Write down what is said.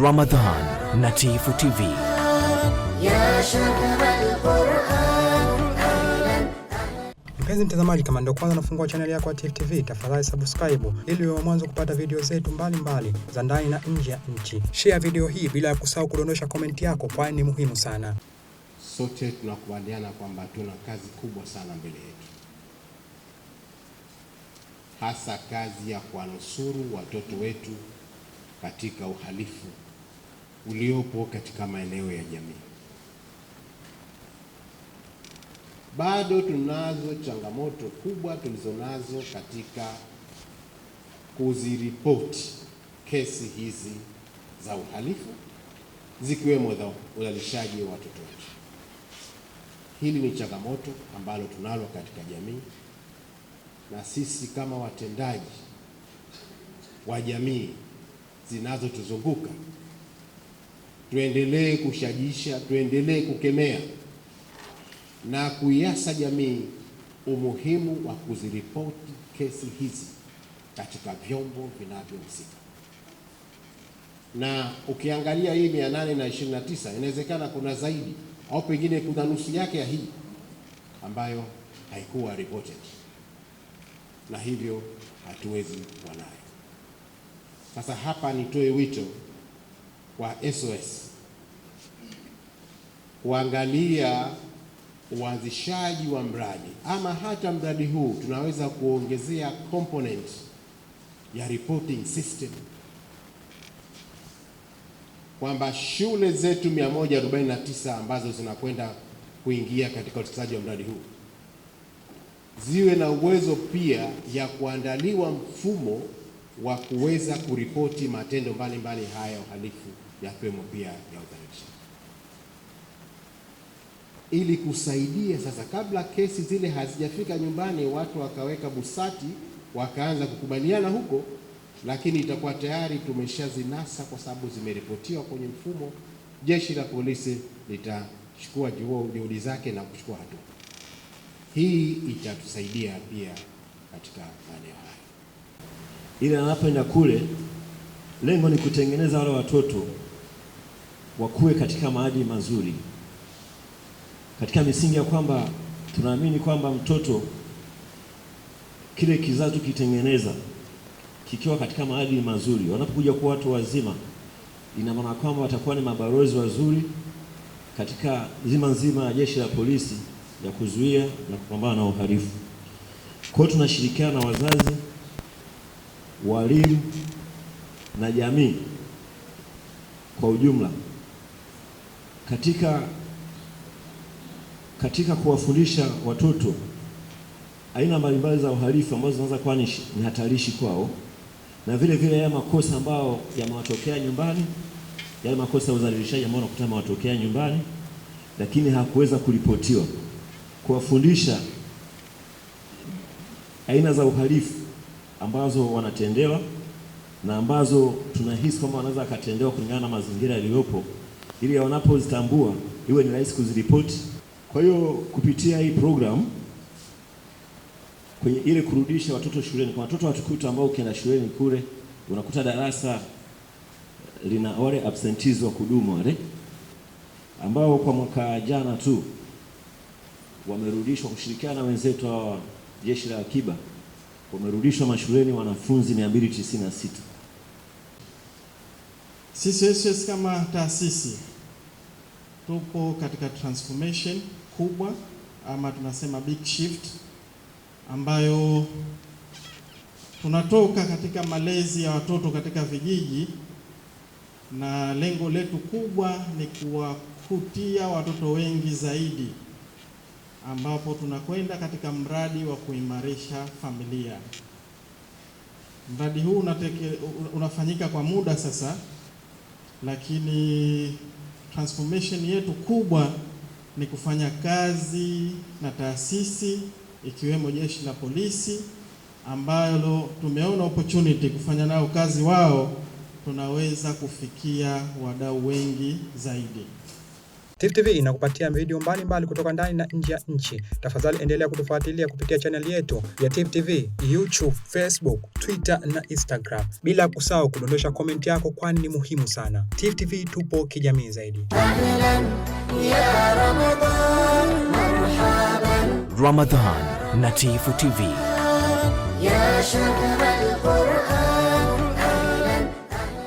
Ramadan na Tifu TV. Mpenzi mtazamaji, kama ndio kwanza nafungua chaneli yako ya Tifu TV, tafadhali subscribe ili uwe mwanzo kupata video zetu mbalimbali za ndani na nje ya nchi. Share video hii bila ya kusahau kudondosha komenti yako, kwani ni muhimu sana. Sote tunakubaliana kwamba tuna kazi kubwa sana mbele yetu, hasa kazi ya kuwanusuru watoto wetu katika uhalifu uliopo katika maeneo ya jamii. Bado tunazo changamoto kubwa tulizonazo katika kuziripoti kesi hizi za uhalifu zikiwemo za udhalilishaji wa watoto wetu. Hili ni changamoto ambalo tunalo katika jamii, na sisi kama watendaji wa jamii zinazotuzunguka tuendelee kushajisha, tuendelee kukemea na kuiasa jamii umuhimu wa kuziripoti kesi hizi katika vyombo vinavyohusika. Na ukiangalia hii mia nane na ishirini na tisa inawezekana kuna zaidi au pengine kuna nusu yake ya hii ambayo haikuwa reported na hivyo hatuwezi kuwa nayo. Sasa hapa nitoe wito wa SOS kuangalia uanzishaji wa mradi ama hata mradi huu tunaweza kuongezea component ya reporting system kwamba shule zetu 149 ambazo zinakwenda kuingia katika utekelezaji wa mradi huu ziwe na uwezo pia ya kuandaliwa mfumo wa kuweza kuripoti matendo mbalimbali haya ya uhalifu yakiwemo pia ya udhalilishaji, ili kusaidia sasa, kabla kesi zile hazijafika nyumbani, watu wakaweka busati, wakaanza kukubaliana huko, lakini itakuwa tayari tumeshazinasa kwa sababu zimeripotiwa kwenye mfumo. Jeshi la polisi litachukua juhudi zake na kuchukua hatua. Hii itatusaidia pia katika maeneo haya, ila anapoenda kule, lengo ni kutengeneza wale watoto wakuwe katika maadili mazuri, katika misingi ya kwamba tunaamini kwamba mtoto kile kizazi tukitengeneza kikiwa katika maadili mazuri, wanapokuja kuwa watu wazima, ina maana kwamba watakuwa ni mabalozi wazuri katika zima nzima ya jeshi la polisi ya kuzuia na kupambana na uhalifu. Kwa hiyo tunashirikiana na wazazi, walimu na jamii kwa ujumla. Katika, katika kuwafundisha watoto aina mbalimbali za uhalifu ambazo zinaweza kuwa ni hatarishi kwao, na vile vile yale makosa ambayo yamewatokea nyumbani, yale makosa ya udhalilishaji ambayo unakuta yamewatokea nyumbani, lakini hakuweza kuripotiwa, kuwafundisha aina za uhalifu ambazo wanatendewa na ambazo tunahisi kwamba wanaweza akatendewa kulingana na mazingira yaliyopo ili wanapozitambua iwe ni rahisi kuziripoti. Kwa hiyo kupitia hii program kwenye ile kurudisha watoto shuleni, kwa watoto watukuta ambao ukienda shuleni kule unakuta darasa lina wale absentees wa kudumu wale ambao kwa mwaka jana tu wamerudishwa kushirikiana na wenzetu hawa jeshi la akiba, wamerudishwa mashuleni wanafunzi 296. Sisi SOS kama taasisi tupo katika transformation kubwa ama tunasema big shift ambayo tunatoka katika malezi ya watoto katika vijiji, na lengo letu kubwa ni kuwakutia watoto wengi zaidi, ambapo tunakwenda katika mradi wa kuimarisha familia. Mradi huu unafanyika kwa muda sasa lakini transformation yetu kubwa ni kufanya kazi na taasisi ikiwemo jeshi la polisi ambalo tumeona opportunity kufanya nao kazi, wao tunaweza kufikia wadau wengi zaidi. Tifu TV inakupatia video mbalimbali kutoka ndani na nje ya nchi. Tafadhali endelea kutufuatilia kupitia chaneli yetu ya Tifu TV, YouTube, Facebook, Twitter na Instagram, bila kusahau kudondosha komenti yako, kwani ni muhimu sana. Tifu TV tupo kijamii zaidi. Ramadan na Tifu TV.